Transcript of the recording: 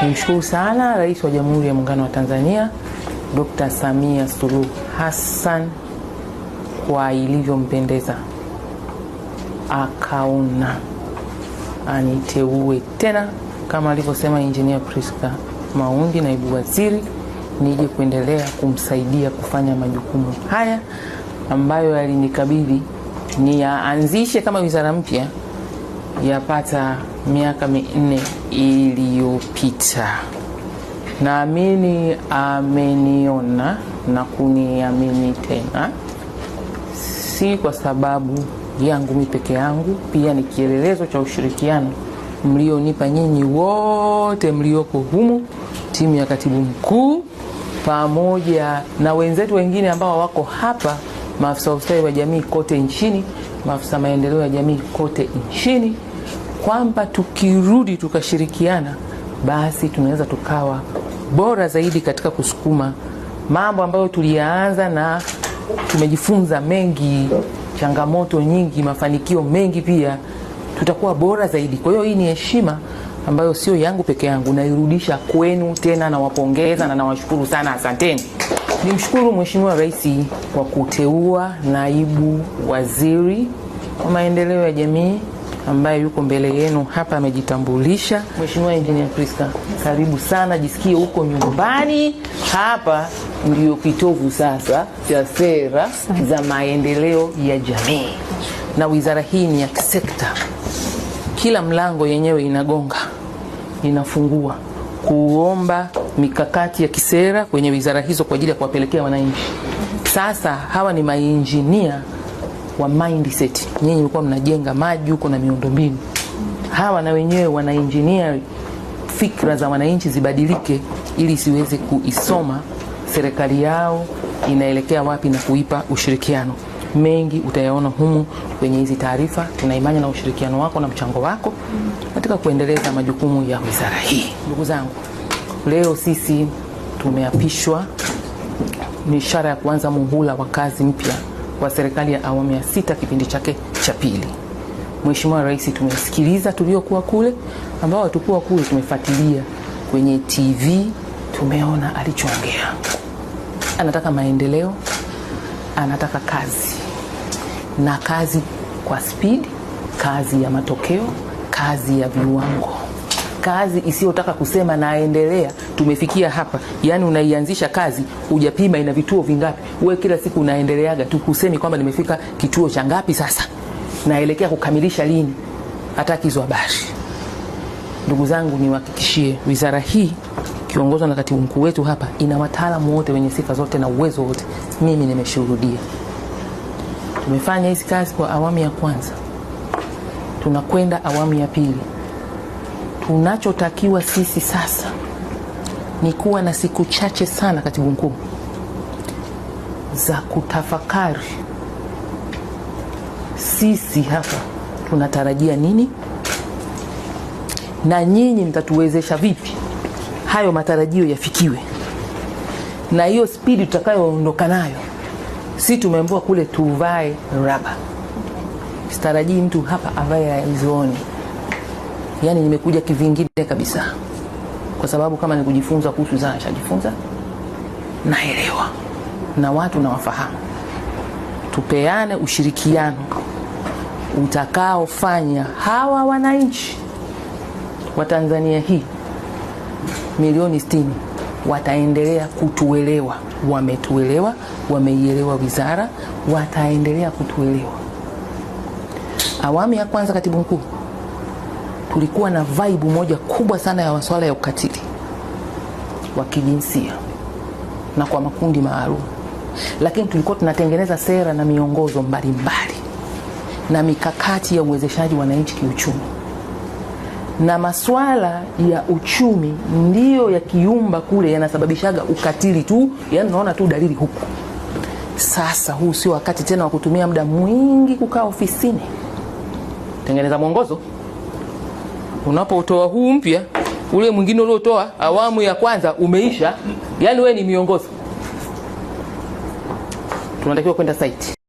Nimshukuru sana Rais wa Jamhuri ya Muungano wa Tanzania Dr. Samia Suluhu Hassan kwa ilivyompendeza akaona aniteue tena kama alivyosema Injinia Priska maundi naibu waziri, nije kuendelea kumsaidia kufanya majukumu haya ambayo yalinikabidhi ni yaanzishe kama wizara mpya yapata miaka minne iliyopita. Naamini ameniona na kuniamini tena, si kwa sababu yangu mi peke yangu, pia ni kielelezo cha ushirikiano mlionipa nyinyi wote mlioko humu, timu ya katibu mkuu pamoja na wenzetu wengine ambao wako hapa, maafisa ustawi wa jamii kote nchini, maafisa maendeleo ya jamii kote nchini kwamba tukirudi tukashirikiana, basi tunaweza tukawa bora zaidi katika kusukuma mambo ambayo tuliyaanza na tumejifunza mengi, changamoto nyingi, mafanikio mengi pia, tutakuwa bora zaidi. Kwa hiyo hii ni heshima ambayo sio yangu peke yangu, nairudisha kwenu tena. Nawapongeza na nawashukuru sana, asanteni. Nimshukuru Mheshimiwa Rais kwa kuteua naibu waziri wa maendeleo ya jamii ambaye yuko mbele yenu hapa amejitambulisha. Mheshimiwa Engineer Priska, karibu sana, jisikie huko nyumbani. Hapa ndio kitovu sasa cha sera za maendeleo ya jamii, na wizara hii ni ya kisekta. Kila mlango yenyewe inagonga, inafungua kuomba mikakati ya kisera kwenye wizara hizo kwa ajili ya kuwapelekea wananchi. Sasa hawa ni mainjinia wa mindset. Nyinyi mlikuwa mnajenga maji huko na miundombinu, hawa na wenyewe wana engineering fikra za wananchi zibadilike, ili siweze kuisoma serikali yao inaelekea wapi na kuipa ushirikiano. Mengi utayaona humu kwenye hizi taarifa. Tuna imani na ushirikiano wako na mchango wako katika kuendeleza majukumu ya wizara hii. Ndugu zangu, leo sisi tumeapishwa, ni ishara ya kuanza muhula wa kazi mpya wa serikali ya awamu ya sita kipindi chake cha pili. Mheshimiwa Rais tumesikiliza tuliokuwa kule, ambao hatukuwa kule tumefuatilia kwenye TV, tumeona alichoongea. Anataka maendeleo, anataka kazi na kazi kwa spidi, kazi ya matokeo, kazi ya viwango kazi isiyotaka kusema naendelea, tumefikia hapa. Yani unaianzisha kazi hujapima ina vituo vingapi, wewe kila siku unaendeleaga tu, kusemi kwamba nimefika kituo cha ngapi sasa, naelekea kukamilisha lini. Hataki hizo habari. Ndugu zangu, niwahakikishie wizara hii kiongozwa na katibu mkuu wetu hapa, ina wataalamu wote wenye sifa zote na uwezo wote. Mimi nimeshuhudia, tumefanya hizi kazi kwa awamu ya kwanza, tunakwenda awamu ya pili. Tunachotakiwa sisi sasa ni kuwa na siku chache sana, katibu mkuu, za kutafakari sisi hapa tunatarajia nini na nyinyi mtatuwezesha vipi hayo matarajio yafikiwe, na hiyo spidi tutakayoondoka nayo. Si tumeambiwa kule tuvae raba, sitarajii mtu hapa avae aizioni yani nimekuja kivingine kabisa, kwa sababu kama ni kujifunza kuhusu zana shajifunza naelewa na watu nawafahamu. Tupeane ushirikiano utakaofanya hawa wananchi wa Tanzania hii milioni s wataendelea kutuelewa. Wametuelewa, wameielewa wizara, wataendelea kutuelewa. Awamu ya kwanza, katibu mkuu tulikuwa na vibe moja kubwa sana ya masuala ya ukatili wa kijinsia na kwa makundi maalum, lakini tulikuwa tunatengeneza sera na miongozo mbalimbali mbali, na mikakati ya uwezeshaji wananchi kiuchumi na masuala ya uchumi ndiyo yakiumba kule yanasababishaga ukatili tu, yani unaona tu dalili huku. Sasa huu sio wakati tena wa kutumia muda mwingi kukaa ofisini, tengeneza mwongozo unapotoa huu mpya, ule mwingine uliotoa awamu ya kwanza umeisha, yani wewe ni miongozo, tunatakiwa kwenda site.